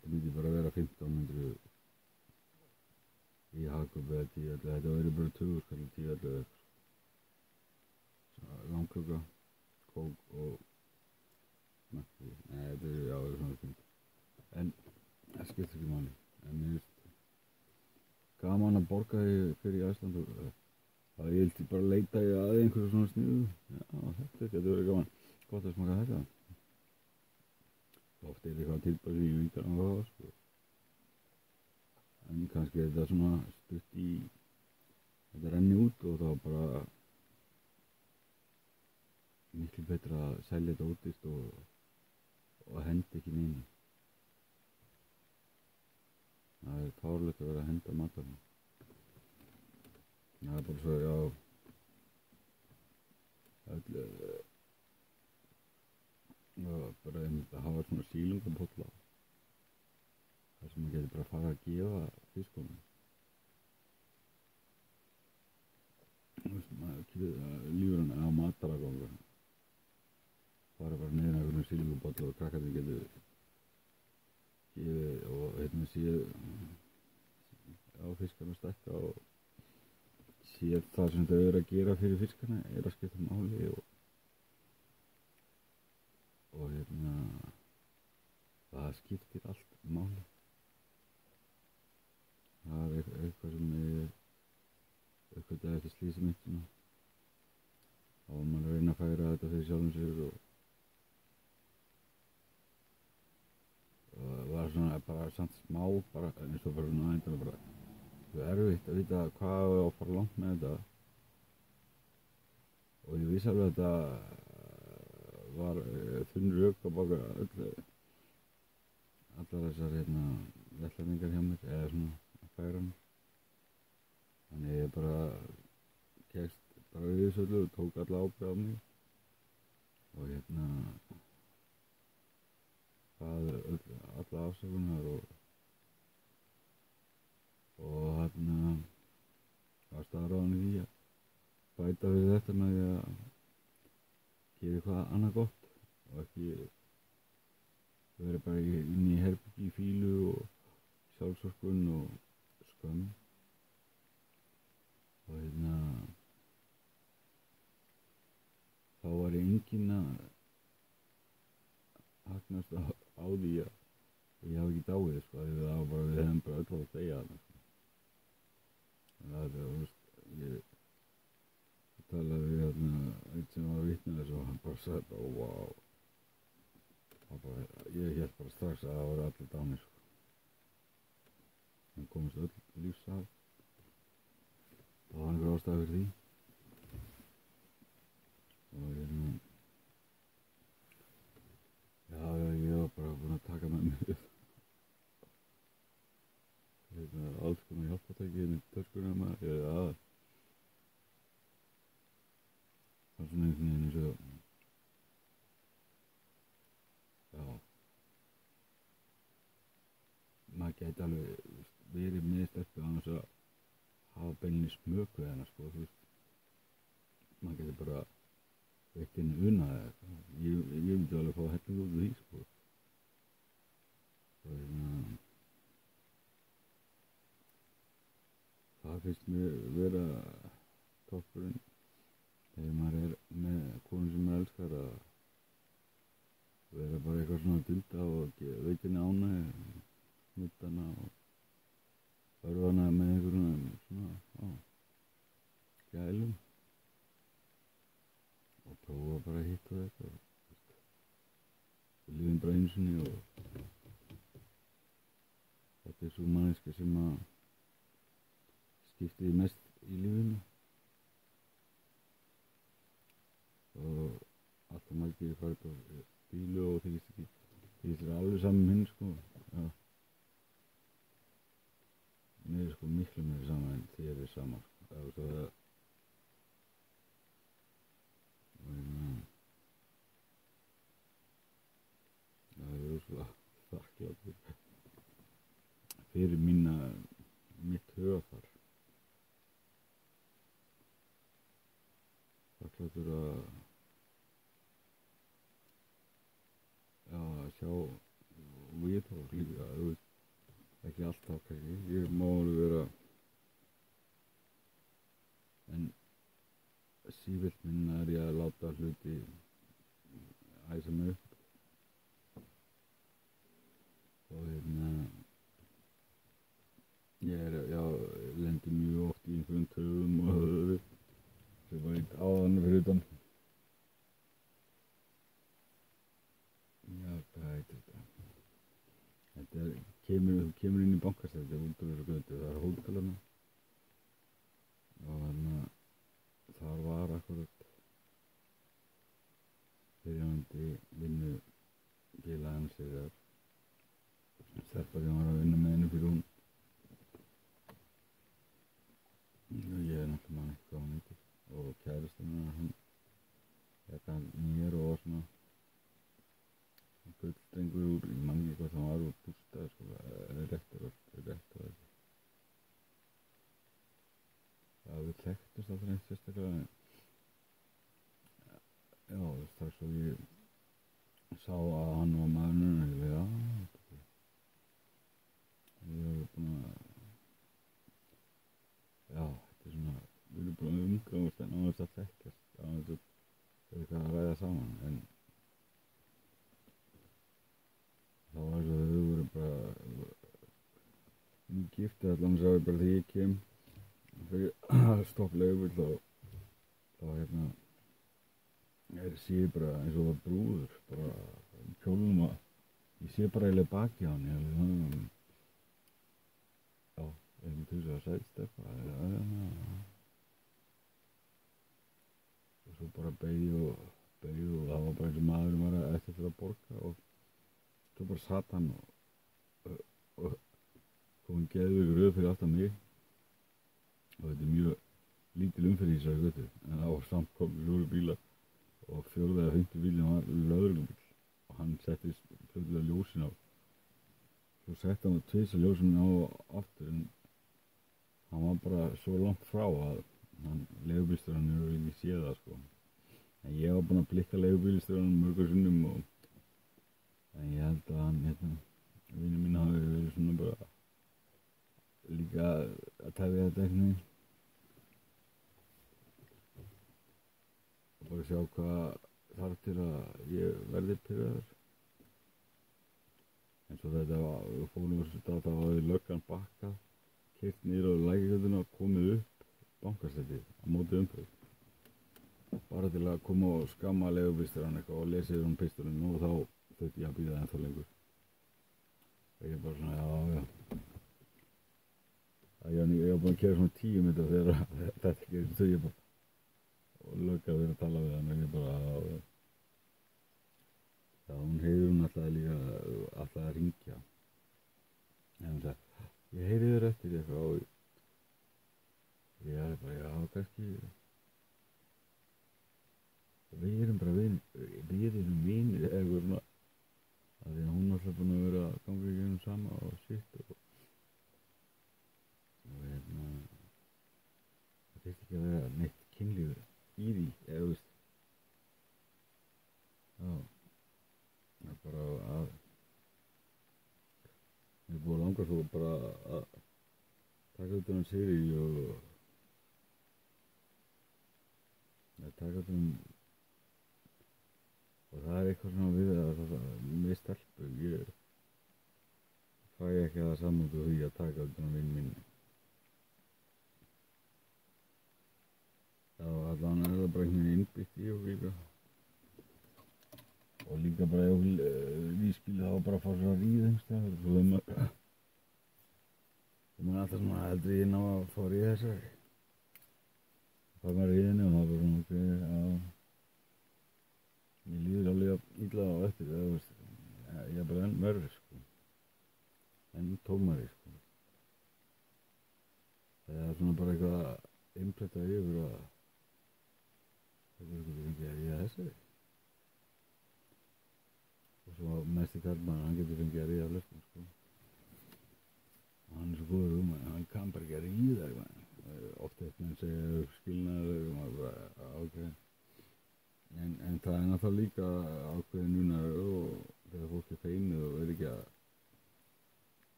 þetta myndi bara vera 1500 í hagköp eða tíu allavega þetta verður bara 20 skall tíu allavega langköka kók og nætti nei þetta er já svona 15 en það skiptir ekki manni en mér finnst gaman að borga því fyrir Ísland og það eh, ég vilti bara leita í aðeins einhverju svona sniðu já þetta þetta verður gaman gott að smaka þetta oft er eitthvað tilbæðið í vikan og það sko. en kannski er þetta svona stutt í þetta renni út og þá bara miklu betra að selja þetta útist og, og henda ekki neina það er fárlegt að vera að henda matarna það er bara svo já öll sílungapotla þar sem maður getur bara að fara að gefa fiskunum lífur hann á mataragóngur fara bara neðin að einhvern sílungapotla og krakkarni getur gefið og hérna séu á fiskarna stækka og séu það sem þau eru að gera fyrir fiskarna er að skipta máli og skiptir allt máli það er eitthvað sem er eitthvað það er ekki slísið mitt þá er maður að reyna að færa þetta fyrir sjálfum sér og það var svona bara samt smá bara eins og bara svona aðeins bara það er erfitt að vita hvað og fara langt með þetta og ég vissi alveg að þetta var eh, þunn rök að baka öllu allar þessar hérna vellætingar hjá mér eða svona færa mér þannig ég bara kegst bara við þessu öllu og tók alla ábyrð á mig og hérna það alla afsökunar og og hérna var staðráðan í því að bæta við þetta með að gera eitthvað annað gott og ekki að vera bara inn í herbyggi fílu og sjálfsorgun og skömm og hérna þá var engin að hagnast á, á því að ég hafi ekki dáið sko því það var bara við hefum bara öll að segja það sko. það er það ég talaði við hérna einn sem var að vitna þessu og hann bara sagði þetta og wow og bara, ég hétt bara strax að það voru allir dánir sko. þannig komist öll lífsaf það var einhver ástæði fyrir því og hérna já, ég var bara búin að taka með mér hérna, alls konar hjálpatæki hérna í törskunum að það var svona einhvern veginn geta alveg verið með stelpu annars að hafa beilinni smöku eða sko, þú veist maður getur bara veitt inn unnað ég, ég myndi alveg að fá hellingu út úr því sko það er svona það finnst mér vera toppurinn þegar maður er með konum sem maður elskar að vera bara eitthvað svona dylda og veitinni ánæg við mest í lífinu og alltaf um mælgir farið á bílu og því það er alveg saman um hinn sko ja. mér er sko miklu mér saman en þér er saman sko. það er svo það það er svo þakklátt fyrir mín einhverja já, sjá og ég tók líka ekki alltaf kannski ég má alveg vera en sífilt minna er ég að láta hluti æsa mig upp og hérna ég er, já, lendir mjög oft í einhvern töfum og bonkers. Então, é muito jogante. É þá að hann var maðurinn og ég við erum búin að já, þetta er svona við erum búin að umgangast en ánast að þekkast ánast að það er eitthvað að ræða saman en þá var það að við vorum bara umgiftið allan sá ég bara því ég kem fyrir stopplega yfir þá þá hérna er síðan bara eins og það brúður sé bara eiginlega baki á henni mm. já, einu tusa og sæst eitthvað ja, ja, ja. og svo bara beigðu og beigðu og það var bara eins og maður var eftir fyrir að borga og svo bara satt hann og, og kom hann geðið ykkur auð fyrir alltaf mig og þetta er mjög lítil umfyrir í þessu en það var samt komið lúri bíla og fjörðaði hundi bílinn var löðurlum hann settist hlutlega ljósin á svo sett hann að tvisa ljósin á aftur en hann var bara svo langt frá að hann leiðbílistur hann eru ekki séð það sko en ég var búin að blikka leiðbílistur hann mörgur sinnum og en ég held að hann hérna vinið mín hafi verið svona bara líka að tefja þetta eitthvað og bara sjá hvað þarf til að ég verði pyrraður eins og þetta fólum verið þetta að það hafi löggan bakkað, keitt nýra á lækjöðuna og komið upp bankastætið á móti umfröð. Bara til að koma og skamma legubisturann eitthvað og lesa yfir hún um pisturinn og þá þauðt ég að býða ennþá lengur. Það er bara svona, já, já. Ég hef búin að kera svona tíu mitt og þegar þetta gerist þau ég bara og löggar þeirra að tala við hann og ég bara að hún hefur hún alltaf líka alltaf að ringja en það ég heyri þér eftir eitthvað og ég er bara, já, kannski við erum bara vin, við erum vinir eða eitthvað svona að því að hún alltaf búin að vera seríu og að taka um og það er eitthvað svona við að það er mjög stelpun ég fæ ekki að samanlega því að Right. en það þarf líka ákveðin núna og þegar fólk er feimið og er ekki að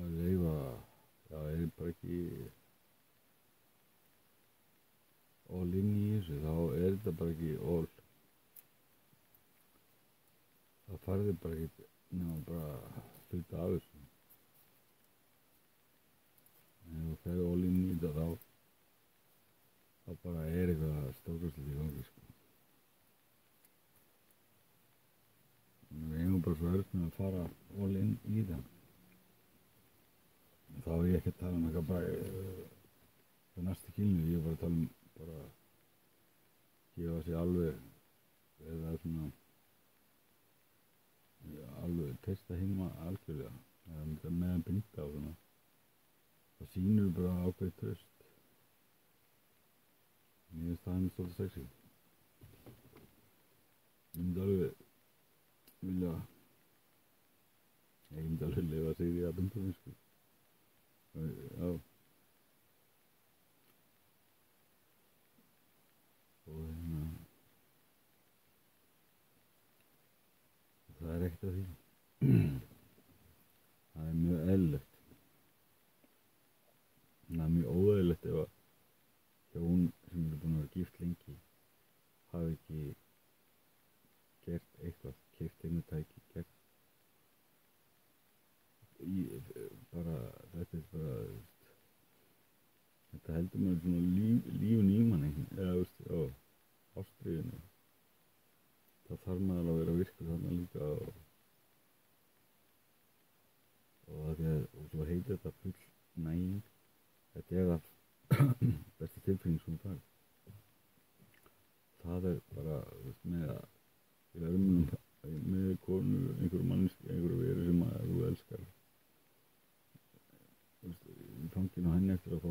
að leifa það er bara ekki all in í þessu þá er þetta bara ekki all það farðir bara ekki nefnum bara hluta af þessu en þú ferði all in í þetta þá bara svo örð með að fara all in í það þá er ég ekki að tala um eitthvað bara eh, það næstu kýlinu, ég er bara að tala um bara gefa sér alveg eða svona alveg testa heima algjörlega meðan benita og svona það sínur bara ákveð tröst mér finnst það hann svolítið sexy ég myndi alveg vilja Egin tala leba ziri abentu misku. Hau. Bueno. Zara esto ziri.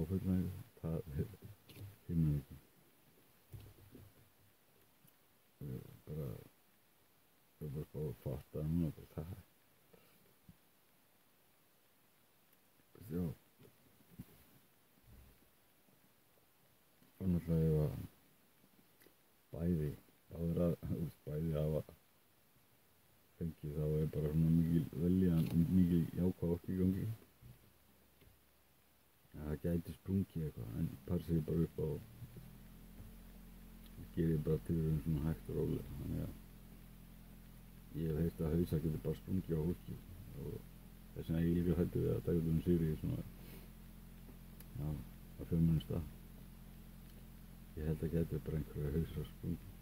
vegna það himna ekki bara það var bara að fatta að núna bara það já og náttúrulega ef að bæði áður að bæði hafa fengið þá er bara svona mikil velja mikil jákvátt í gangi það ja, gæti sprungið eitthvað en parsið bara upp á gerir bara tilurinn svona hægt og rólega þannig að ég hef heilt að hausa getur bara sprungið á húski og þess vegna ég líka hættu við að taka um sýri svona já, á fjömmunum stað ég held að getur bara einhverja hausa sprungið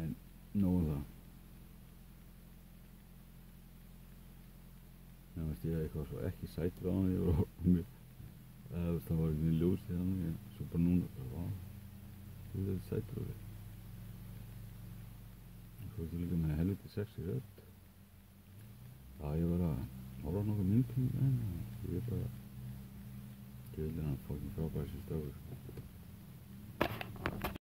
en nóðan um fannst ég eitthvað svo ekki sætt við á hann ég var mjög eða það var einhvern veginn ljós í hann en svo bara núna það var þú veist þetta sættur á þér og svo er þetta líka með helviti sexi rödd það ég var að horfa nokkuð myndum en ég bara ég vil að hann fokkin frábæri sér stafur sko.